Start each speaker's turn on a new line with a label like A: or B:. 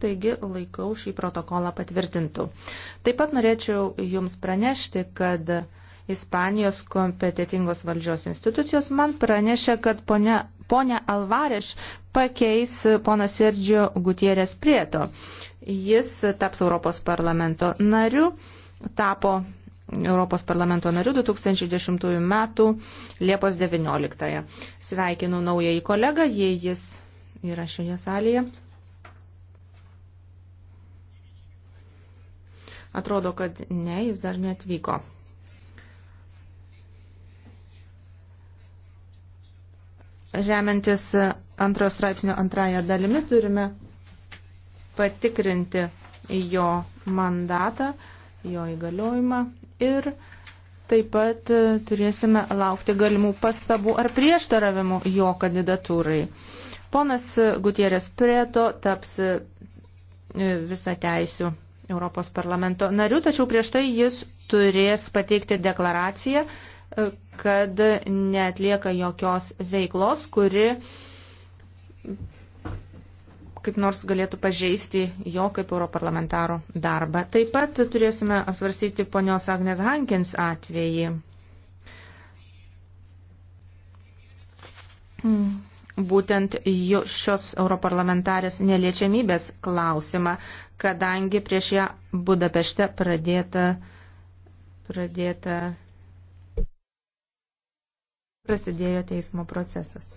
A: taigi laikau šį protokolą patvirtintų. Taip pat norėčiau Jums pranešti, kad Ispanijos kompetitingos valdžios institucijos man pranešė, kad ponia, ponia Alvareš pakeis pona Sergio Gutierės Prieto. Jis taps Europos parlamento nariu, tapo Europos parlamento nariu 2010 m. Liepos 19. -ąją. Sveikinu naująjį kolegą, jei jis yra šioje salėje. Atrodo, kad ne, jis dar neatvyko. Remiantis antros straipsnio antrąją dalimi turime patikrinti jo mandatą, jo įgaliojimą ir taip pat turėsime laukti galimų pastabų ar prieštaravimų jo kandidatūrai. Ponas Gutierės Prieto taps visą teisių Europos parlamento narių, tačiau prieš tai jis turės pateikti deklaraciją, e, kad netlieka jokios veiklos, kuri kaip nors galėtų pažeisti jo kaip europarlamentaro darbą. Taip pat turėsime svarstyti ponios Agnes Hankins atvejį. Hmm būtent šios europarlamentarės neliečiamybės klausimą, kadangi prieš ją Budapešte pradėta, pradėta prasidėjo teismo procesas.